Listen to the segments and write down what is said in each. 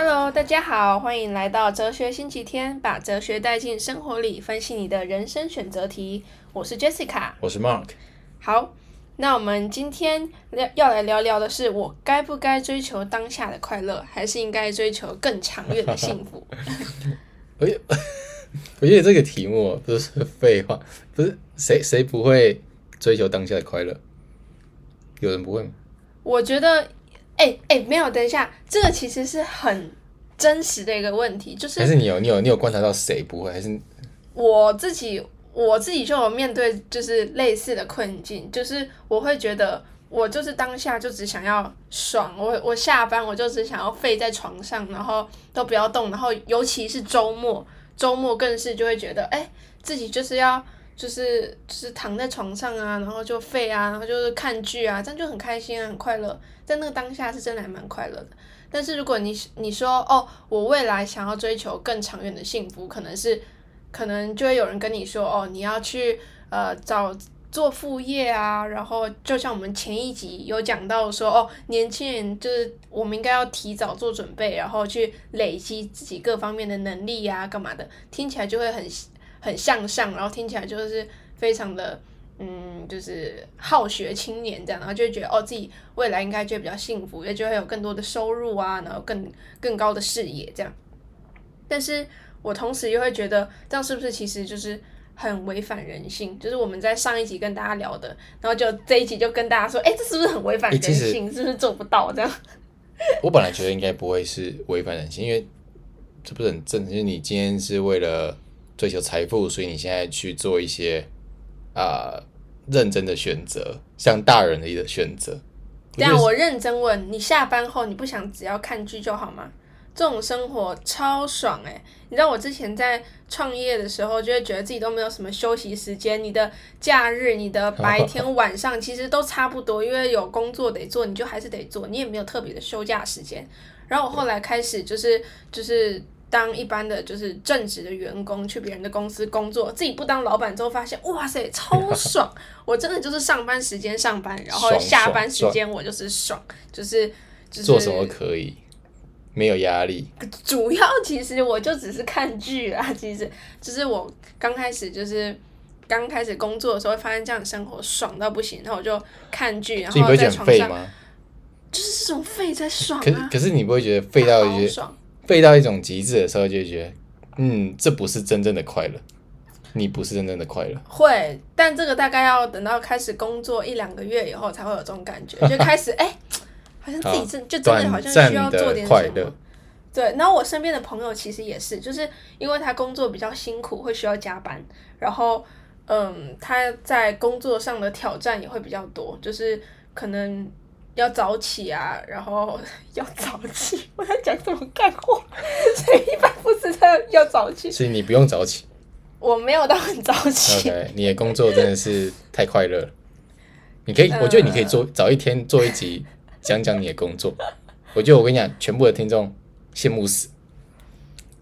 Hello，大家好，歡迎來到哲學星期天，把哲學帶進生活裡，分析你的人生選擇題。我是 Jessica，我是 Mark。好，那我們今天要來聊聊的是，我該不該追求當下的快樂，還是應該追求更長遠的幸福？我 我覺得這個題目不是廢話，不是誰誰不會追求當下的快樂，有人不會嗎？我覺得。哎、欸、哎、欸，沒有，等一下，這個其實是很真實的一個問題，就是還是你有你有你有觀察到誰不會？還是我自己我自己就有面對就是類似的困境，就是我會覺得我就是當下就只想要爽，我我下班我就只想要廢在床上，然後都不要動，然後尤其是周末，周末更是就會覺得哎、欸、自己就是要就是就是躺在床上啊，然後就廢啊，然後就是看劇啊，這樣就很開心，啊、很快樂。在那個當下是真的還蠻快樂的，但是如果你你說哦，我未來想要追求更長遠的幸福，可能是，可能就會有人跟你說哦，你要去呃找做副業啊，然後就像我們前一集有講到說哦，年輕人就是我們應該要提早做準備，然後去累積自己各方面的能力啊，幹嘛的，聽起來就會很很向上，然後聽起來就是非常的。嗯，就是好學青年這樣，然後就會覺得哦，自己未來應該就比較幸福，也就會有更多的收入啊，然後更更高的事業這樣。但是我同時又會覺得，這樣是不是其實就是很違反人性？就是我們在上一集跟大家聊的，然後就這一集就跟大家說，哎、欸，這是不是很違反人性、欸？是不是做不到這樣？ 我本來覺得應該不會是違反人性，因為這不是很正，因為、就是、你今天是為了追求財富，所以你現在去做一些啊。呃認真的選擇，像大人的一個選擇。這樣我認真問你，下班後你不想只要看劇就好嗎？這種生活超爽欸。你知道我之前在創業的時候，就會覺得自己都沒有什麼休息時間。你的假日、你的白天、 晚上其實都差不多，因為有工作得做，你就還是得做，你也沒有特別的休假時間。然後我後來開始就是就是。當一般的就是正職的員工去別人的公司工作，自己不當老板之後，發現哇塞，超爽！ 我真的就是上班時間上班，然後下班時間我就是爽，爽就是就是做什麼可以，沒有壓力。主要其實我就只是看劇啦、啊，其實就是我剛開始就是剛開始工作的時候，發現這樣的生活爽到不行，然後我就看劇，然後躺在床上，就是這種廢才爽啊！可是，可是你不會覺得廢到一些。廢到一種極致的時候，就覺得，嗯，這不是真正的快樂，你不是真正的快樂。會，但這個大概要等到開始工作一兩個月以後，才會有這種感覺。 就開始，哎、欸，好像自己真就真的好像需要做點什麼。對，然後我身邊的朋友其實也是，就是因為他工作比較辛苦，會需要加班，然後，嗯，他在工作上的挑戰也會比較多，就是可能。要早起啊，然後要早起。我在講什麼幹活，所以一般不是他要早起。所以你不用早起。我沒有到很早起。Okay, 你的工作真的是太快樂了。 你可以，我覺得你可以做早一天做一集，講、呃、講你的工作。我覺得我跟你講，全部的聽眾羨慕死。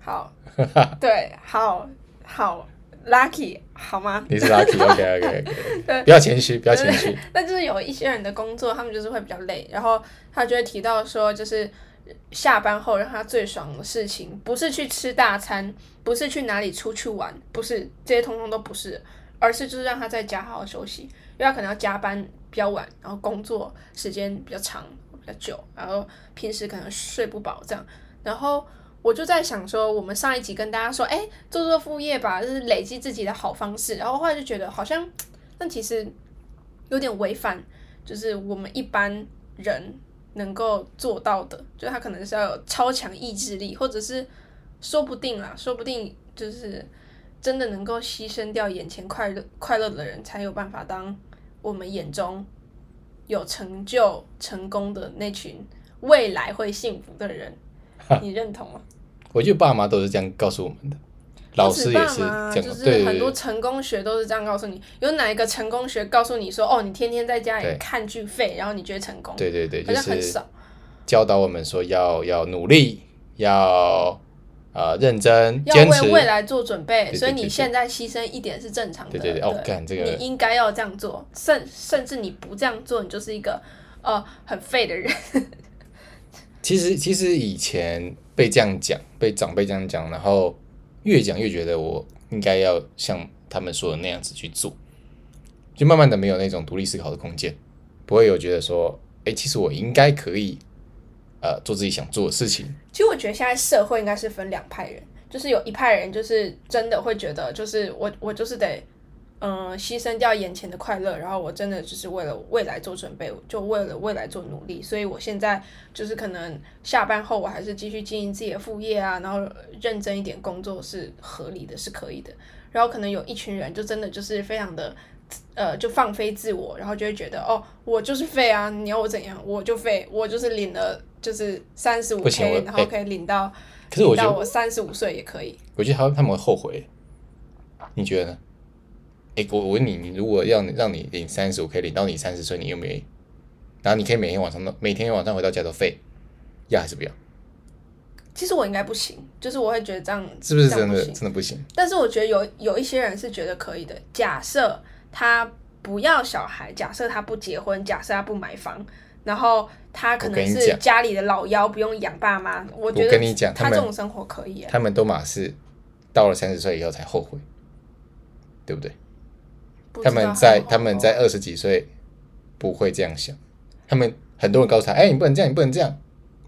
好， 對，好好 Lucky。好嗎？你是道，期 ？OK OK 對，不要謙虛，不要謙虛。那就是有一些人的工作，他們就是會比較累，然後他就會提到說，就是下班後讓他最爽的事情，不是去吃大餐，不是去哪裡出去玩，不是這些，通通都不是，而是就是讓他在家好好休息，因為他可能要加班比較晚，然後工作時間比較長、比較久，然後平時可能睡不飽這樣，然後。我就在想說，我們上一集跟大家說，哎、欸，做做副業吧，就是累積自己的好方式。然後後來就覺得，好像但其實有點違反，就是我們一般人能夠做到的。就他可能是要有超強意志力，或者是說不定啊，說不定就是真的能夠犧牲掉眼前快樂快樂的人，才有辦法當我們眼中有成就成功的那群未來會幸福的人，啊、你認同嗎？我覺得，爸媽都是這樣告訴我們的，老師也是這樣，對，就是很多成功學都是這樣告訴你對對對，有哪一個成功學告訴你說，哦，你天天在家裡看劇廢，然後你覺得成功？對對對，好像很少。就是、教導我們說要要努力，要、呃、認真，要為未來做準備對對對對，所以你現在犧牲一點是正常的。對對對，對，我、哦、幹這個，你應該要這樣做，甚甚至你不這樣做，你就是一個、呃、很廢的人。 其實其實以前。被這樣講，被長輩這樣講，然後越講越覺得我應該要像他們說的那樣子去做，就慢慢的沒有那種獨立思考的空間，不會有覺得說，哎，其實我應該可以，呃，做自己想做的事情。其實我覺得現在社會應該是分兩派人，就是有一派人就是真的會覺得，就是我我就是得。嗯、呃，犧牲掉眼前的快樂，然後我真的只是為了未來做準備，就為了未來做努力。所以，我現在就是可能下班後，我還是繼續經營自己的副業啊，然後認真一點工作是合理的，是可以的。然後可能有一群人就真的就是非常的，呃，就放飛自我，然後就會覺得哦，我就是廢啊，你要我怎樣，我就廢，我就是領了就是三十五 K，然後可以領到，可是我覺得，領到我三十五歲也可以。我覺得他他們會後悔，你覺得呢？誒，我我問你，你如果要讓你領三十五 K，可以領到你三十歲，你願不願意？然後你可以每天晚上都每天晚上回到家都廢，要還是不要？其實我應該不行，就是我會覺得這樣是不是真的真的不行？但是我覺得有有一些人是覺得可以的。假設他不要小孩，假設他不結婚，假設他不買房，然後他可能是家裡的老幺，不用養爸媽。我覺得跟你講，他這種生活可以耶他，他們都嘛是到了三十歲以後才後悔，對不對？他們在他們在二十幾歲不會這樣想，他們很多人告訴他：“哎、欸，你不能這樣，你不能這樣。”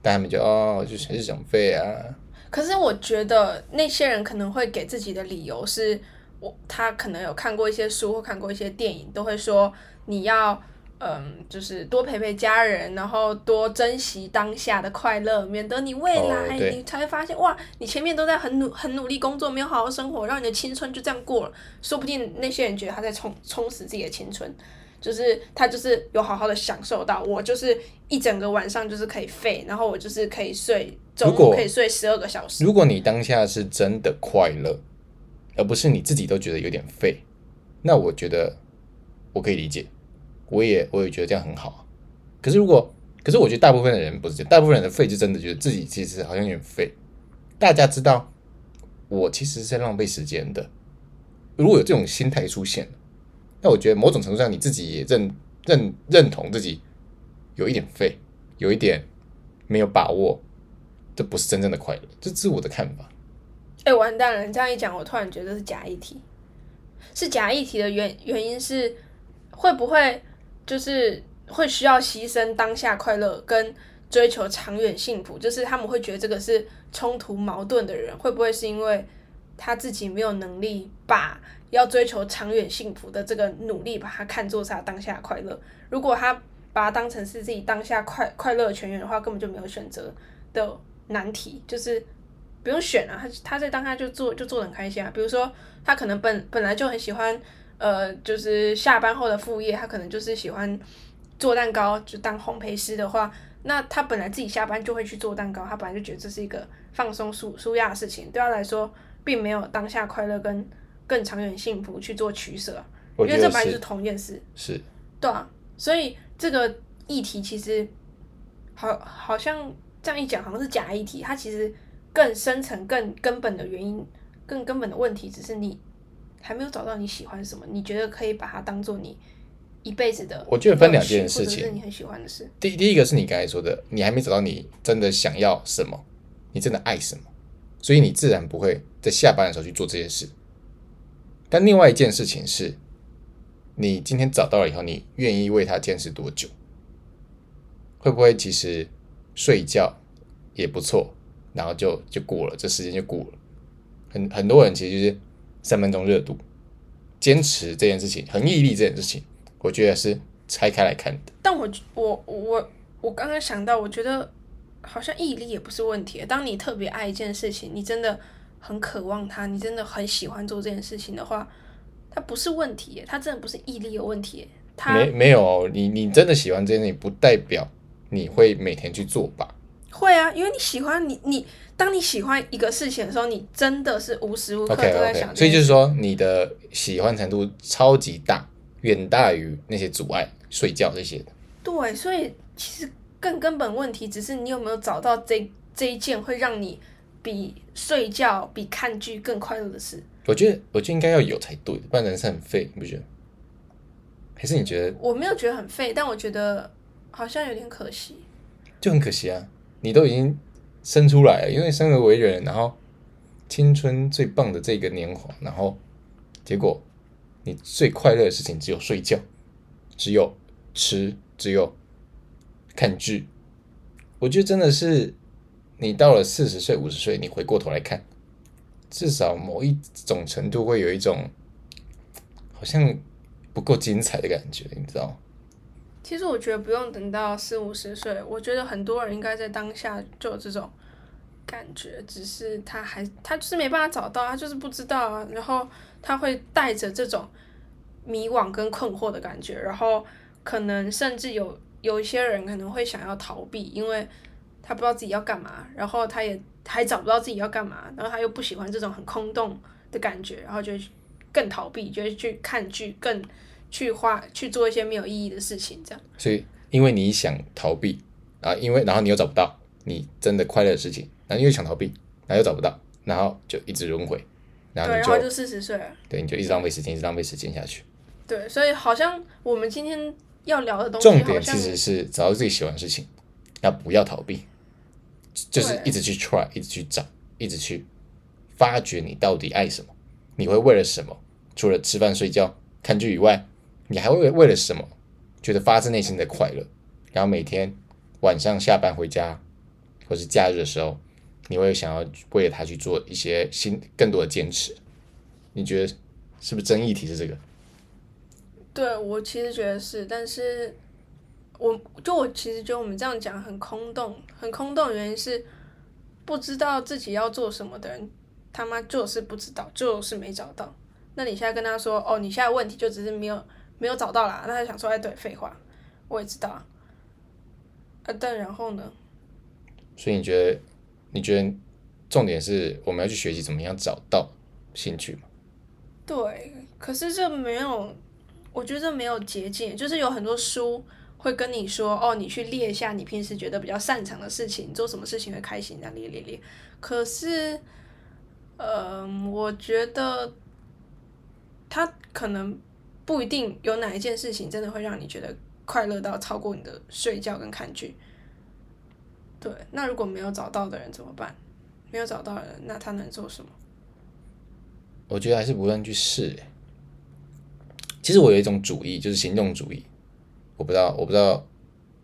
但他們就哦，就是想廢啊。可是我覺得那些人可能會給自己的理由是：我他可能有看過一些書或看過一些電影，都會說你要。嗯，就是多陪陪家人，然後多珍惜當下的快樂，免得你未來、oh, 你才會發現哇，你前面都在很努很努力工作，沒有好好生活，讓你的青春就這樣過了。說不定那些人覺得他在充充實自己的青春，就是他就是有好好的享受到，我就是一整個晚上就是可以廢，然後我就是可以睡，週末可以睡十二個小時如。如果你當下是真的快樂，而不是你自己都覺得有點廢，那我覺得我可以理解。我也我也覺得這樣很好。啊，可是如果可是我覺得大部分的人不是這樣，大部分人的廢就真的覺得自己其實好像有點廢，大家知道我其實是在浪費時間的，如果有這種心態出現，那我覺得某種程度上你自己也認認認同自己有一點廢，有一點沒有把握，這不是真正的快樂，這是我的看法。哎、欸，完蛋了！你這樣一講，我突然覺得是假議題，是假議題的原原因是會不會？就是會需要犧牲當下快樂跟追求長遠幸福，就是他們會覺得這個是衝突矛盾的人，會不會是因為他自己沒有能力把要追求長遠幸福的這個努力，把他看作是他當下的快樂？如果他把它當成是自己當下快快樂的泉源的話，根本就沒有選擇的難題，就是不用選了啊，他他在當下就做就做得很開心啊。比如說他可能本本來就很喜歡。呃，就是下班後的副業，他可能就是喜歡做蛋糕，就當烘焙師的話，那他本來自己下班就會去做蛋糕，他本來就覺得這是一個放鬆舒舒壓的事情，對他來說，並沒有當下快樂跟更長遠幸福去做取捨，我覺得，因為這本來就是同一件事，是對啊，所以這個議題其實好，好像這樣一講，好像是假議題，它其實更深層、更根本的原因、更根本的問題，只是你。還沒有找到你喜歡什麼？你覺得可以把它當做你一輩子的？我覺得分兩件事情，或者是你很喜歡的事。第第一個是你剛才說的，你還沒找到你真的想要什麼，你真的愛什麼，所以你自然不會在下班的時候去做這件事。但另外一件事情是，你今天找到了以後，你願意為他堅持多久？會不會其實睡覺也不錯，然後就就過了，這時間就過了。很很多人其實就是。三分鐘熱度，堅持這件事情，很毅力這件事情，我覺得是拆開來看的。但我我我我剛剛想到，我覺得好像毅力也不是問題。當你特別愛一件事情，你真的很渴望它，你真的很喜歡做這件事情的話，它不是問題，它真的不是毅力有問題，它沒，沒沒有哦，你你真的喜歡這件事情，不代表你會每天去做吧。會啊，因為你喜歡你你，當你喜歡一個事情的時候，你真的是無時無刻都在想。Okay, okay. 所以就是說，你的喜歡程度超級大，遠大於那些阻礙睡覺這些。對，所以其實更根本問題，只是你有沒有找到這這一件會讓你比睡覺、比看劇更快樂的事。我覺得，我覺得應該要有才對，不然人生很廢，你不覺得？還是你覺得？我沒有覺得很廢，但我覺得好像有點可惜，就很可惜啊。你都已經生出來了，因為生而為人，然後青春最棒的這個年華，然後結果你最快樂的事情只有睡覺，只有吃，只有看劇。我覺得真的是你到了四十歲、五十歲，你回過頭來看，至少某一種程度會有一種好像不夠精彩的感覺，你知道嗎？其實我覺得不用等到四五十歲，我覺得很多人應該在當下就有這種感覺，只是他還他就是沒辦法找到，他就是不知道啊，然後他會帶着這種迷惘跟困惑的感覺，然後可能甚至有有一些人可能會想要逃避，因為他不知道自己要幹嘛，然後他也還找不到自己要幹嘛，然後他又不喜歡這種很空洞的感覺，然後就更逃避，就會去看劇更。去花去做一些沒有意義的事情，這樣。所以，因為你想逃避啊，因為然後你又找不到你真的快樂的事情，然後你又想逃避，然後又找不到，然後就一直輪回，然後你就四十歲了，對，你就一直浪費時間，嗯，一直浪費時間下去。對，所以好像我們今天要聊的東西，重點其實是找到自己喜歡的事情，那不要逃避，就是一直去 try，一直去找，一直去發掘你到底愛什麼，你會為了什麼，除了吃飯睡覺看劇以外。你還會為了什麼覺得發自內心的快樂？然後每天晚上下班回家，或是假日的時候，你會想要為了他去做一些新更多的堅持？你覺得是不是真議題是這個？對，我其實覺得是，但是我就我其實覺得我們這樣講很空洞，很空洞，原因是不知道自己要做什麼的人，他媽就是不知道，就是沒找到。那你現在跟他說哦，你現在問題就只是沒有。沒有找到啦，那他想說，哎，對，廢話，我也知道，啊，但然後呢？所以你覺得？你覺得，重點是我們要去學習怎麼樣找到興趣嗎？對，可是這沒有，我覺得這沒有捷徑，就是有很多書會跟你說，哦，你去列一下你平時覺得比較擅長的事情，你做什麼事情會開心，這樣列列列。可是，嗯、呃，我覺得，他可能。不一定有哪一件事情真的會讓你覺得快樂到超過你的睡覺跟看劇。對，那如果沒有找到的人怎麼辦？沒有找到的人，那他能做什麼？我覺得還是不斷去試耶。其實我有一種主義，就是行動主義。我不知道，我不知道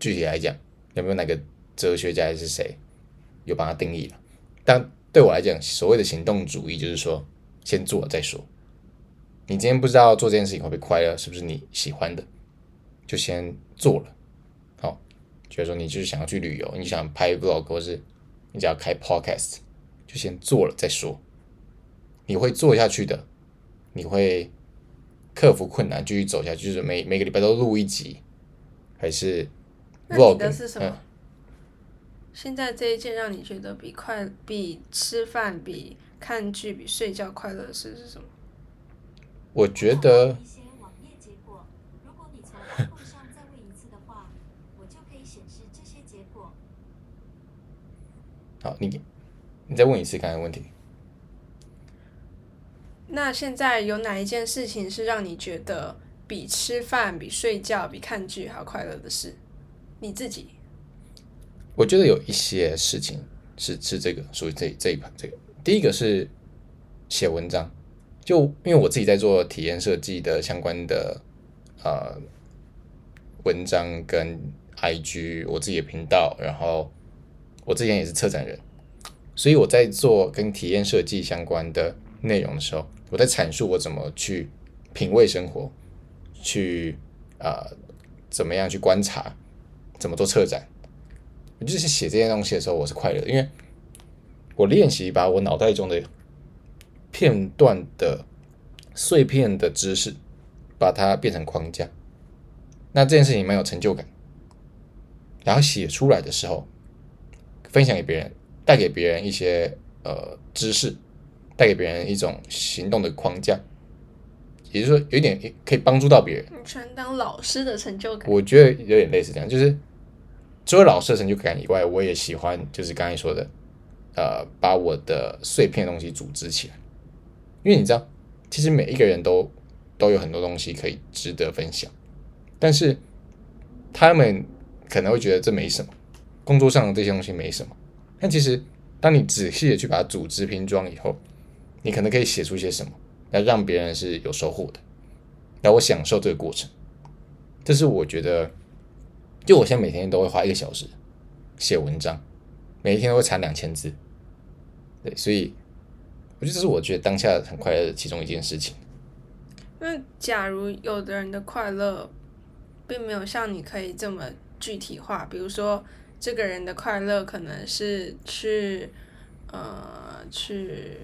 具體來講有沒有哪個哲學家還是誰有幫他定義了。但對我來講，所謂的行動主義就是說，先做再說。你今天不知道做這件事情會不會快樂，是不是你喜歡的，就先做了。好，就是說你就是想要去旅遊，你想拍 vlog，或是你只要開 podcast，就先做了再說。你會做下去的，你會克服困難繼續走下去。就是每每個禮拜都錄一集，還是 vlog 的是什麼、嗯？現在這一件讓你覺得比快、比吃飯、比看劇、比睡覺快樂的事是什麼？我覺得。 好，你你再問一次剛才問題。那現在有哪一件事情是讓你覺得比吃飯、比睡覺、比看劇還快樂的事？你自己？我覺得有一些事情是是這個屬於這這，這一盤這個。第一個是寫文章。就因為我自己在做體驗設計的相關的呃文章、跟 IG 我自己的頻道，然後我之前也是策展人，所以我在做跟體驗設計相關的內容的時候，我在闡述我怎麼去品味生活，去啊、呃、怎麼樣去觀察，怎麼做策展，就是寫這些東西的時候，我是快樂的，因為我練習把我腦袋中的。片段的碎片的知識，把它變成框架，那這件事情蠻有成就感。然後寫出來的時候，分享給別人，帶給別人一些呃知識，帶給別人一種行動的框架，也就是說，有點可以幫助到別人。你全當老師的成就感？我覺得有點類似這樣，就是除了老師的成就感以外，我也喜歡就是剛才說的，呃，把我的碎片的東西組織起來。因為你知道，其實每一個人都都有很多東西可以值得分享，但是他們可能會覺得這沒什麼，工作上的這些東西沒什麼。但其實，當你仔細的去把它組織拼裝以後，你可能可以寫出些什麼，來讓別人是有收穫的。來，我享受這個過程。這是我覺得，就我現在每天都會花一個小時寫文章，每一天都會產兩千字。對，所以。我覺得這是我覺得當下很快樂的其中一件事情，因為假如有的人的快樂，並沒有像你可以這麼具體化，比如說這個人的快樂可能是去呃去，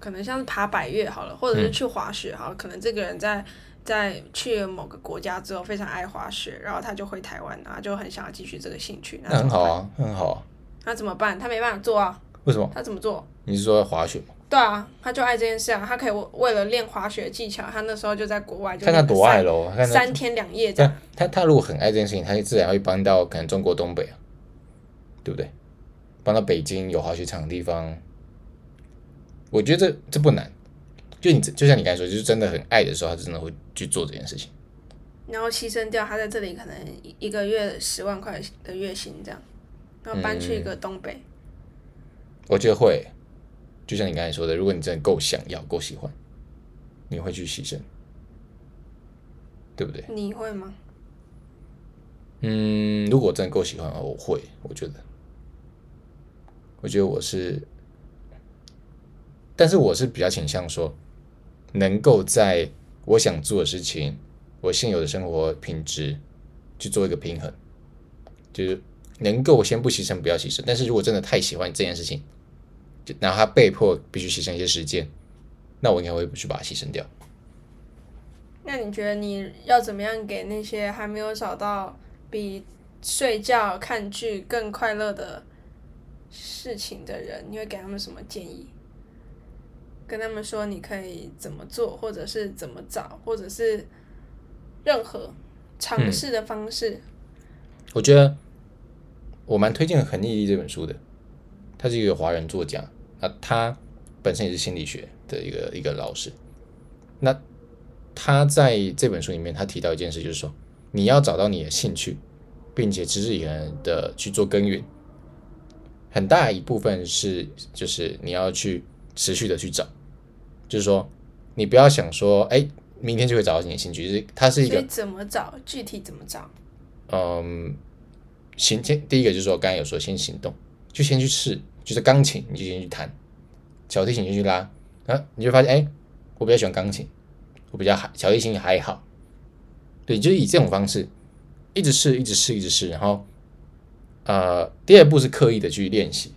可能像是爬百岳好了，或者是去滑雪好了、嗯、可能這個人在在去了某個國家之後非常愛滑雪，然後他就回台灣，然後就很想要繼續這個興趣，那很好啊，很好、啊，那怎麼辦？他沒辦法做啊。為什麼？他怎麼做？你是說滑雪嗎？對啊，他就愛這件事啊。他可以為了練滑雪技巧，他那時候就在國外就看他，他多愛咯，三天兩夜這樣他他，他如果很愛這件事情，他自然會搬到可能中國東北啊，對不對？搬到北京有滑雪場的地方，我覺得這這不難。就你就像你剛才說，就是真的很愛的時候，他真的會去做這件事情。然後犧牲掉他在這裡可能一個月十萬塊的月薪這樣，然後搬去一個東北。嗯我覺得會，就像你剛才說的，如果你真的夠想要、夠喜歡，你會去犧牲，對不對？你會嗎？嗯，如果我真的夠喜歡的話，我會。我覺得，我覺得我是，但是我是比較傾向說，能夠在我想做的事情、我現有的生活品質去做一個平衡，就是。能夠先不犧牲，不要犧牲。但是如果真的太喜歡這件事情，就哪怕被迫必須犧牲一些時間，那我應該會去把它犧牲掉。那你覺得你要怎麼樣給那些還沒有找到比睡覺看劇更快樂的事情的人？你會給他們什麼建議？跟他們說你可以怎麼做，或者是怎麼找，或者是任何嘗試的方式。嗯，我覺得。我蠻推薦《恆毅力》這本書的，他是一個華人作家，那、啊、他本身也是心理學的一個一個老師。那他在這本書裡面，他提到一件事，就是說你要找到你的興趣，並且持之以恆的去做耕耘。很大一部分是，就是你要去持續的去找，就是說你不要想說，哎，明天就會找到你的興趣。是他是一個怎麼找，具體怎麼找？嗯。先，第一個就是說，剛才有說，先行動，就先去試，就是鋼琴你就先去彈，小提琴就去拉啊，然後你就發現，哎、欸，我比較喜歡鋼琴，我比較還小提琴也還好，對，就以這種方式，一直試，一直試，一直試，然後，呃，第二步是刻意的去練習，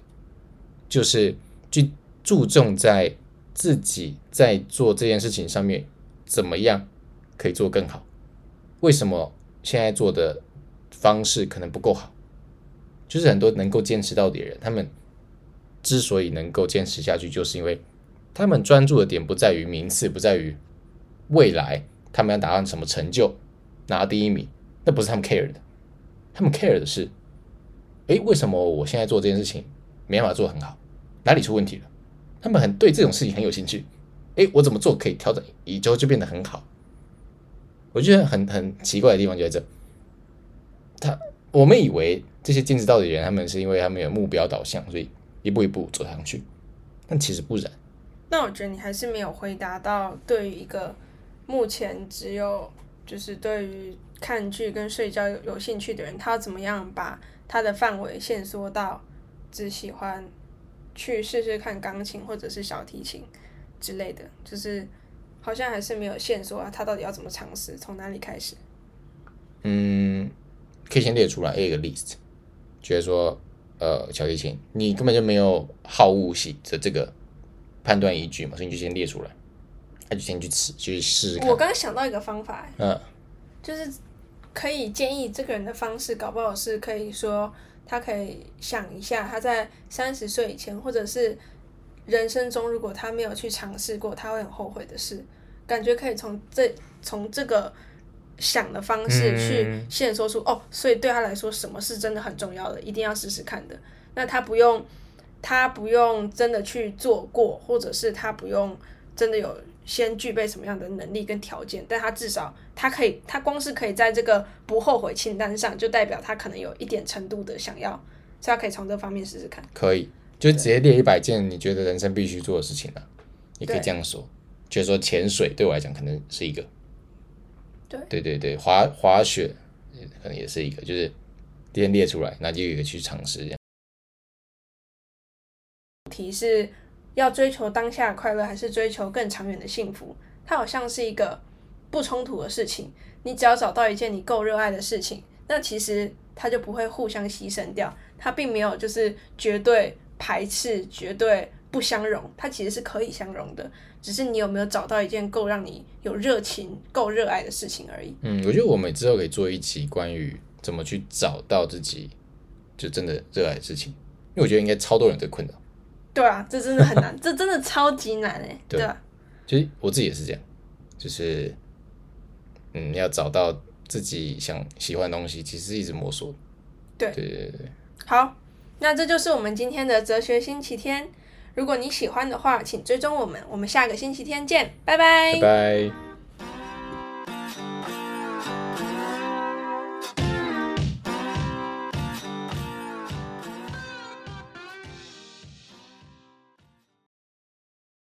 就是去注重在自己在做這件事情上面怎麼樣可以做更好，為什麼現在做的方式可能不夠好？就是很多能夠堅持到底的人，他們之所以能夠堅持下去，就是因為他們專注的點不在於名次，不在於未來他們要達到什麼成就，拿第一名，那不是他們 care 的。他們 care 的是，誒、欸，為什麼我現在做這件事情沒辦法做得很好？哪裡出問題了？他們很對這種事情很有興趣。誒、欸，我怎麼做可以調整，一週就變得很好？我覺得很很奇怪的地方就在這。我們以為這些堅持到底的人，他們是因為他們有目標導向，所以一步一步走上去。但其實不然。那我覺得你還是沒有回答到，對於一個目前只有就是對於看劇跟睡覺有有興趣的人，他要怎麼樣把他的範圍限縮到只喜歡去試試看鋼琴或者是小提琴之類的，的就是好像還是沒有限縮啊。他到底要怎麼嘗試？從哪裡開始？嗯。可以先列出來，a 一個 list，覺得說，呃，小提琴，你根本就沒有好惡喜的這個判斷依據嘛，所以你就先列出來，那就先去吃，去試，試。我剛剛想到一個方法，嗯，就是可以建議這個人的方式，搞不好是可以說，他可以想一下，他在三十歲以前，或者是人生中，如果他沒有去嘗試過，他會很後悔的事，感覺可以從這、從這個。想的方式去先說出、嗯、哦，所以對他來說，什麼是真的很重要的，一定要試試看的。那他不用，他不用真的去做過，或者是他不用真的有先具備什麼樣的能力跟條件，但他至少他可以，他光是可以在這個不後悔清單上，就代表他可能有一點程度的想要，所以他可以從這方面試試看。可以，就直接列一百件你覺得人生必須做的事情了、啊，你可以這樣說，就是說潛水對我來講可能是一個。對，對對對，滑滑雪可能也是一個，就是先列出來，那就有一個去嘗試這樣。問題是要追求當下的快樂還是追求更長遠的幸福？它好像是一個不衝突的事情。你只要找到一件你夠熱愛的事情，那其實它就不會互相犧牲掉。它並沒有就是絕對排斥、絕對不相容，它其實是可以相容的。只是你有沒有找到一件夠讓你有熱情、夠熱愛的事情而已。嗯，我覺得我們之後可以做一期關於怎麼去找到自己就真的熱愛的事情，因為我覺得應該超多人在困擾。對啊，這真的很難， 這真的超級難哎、欸。對啊，其實我自己也是這樣，就是嗯，要找到自己想喜歡的東西，其實一直摸索。對對對對。好，那這就是我們今天的哲學星期天。如果你喜歡的話，請追蹤我們。我們下個星期天見，拜拜。拜拜。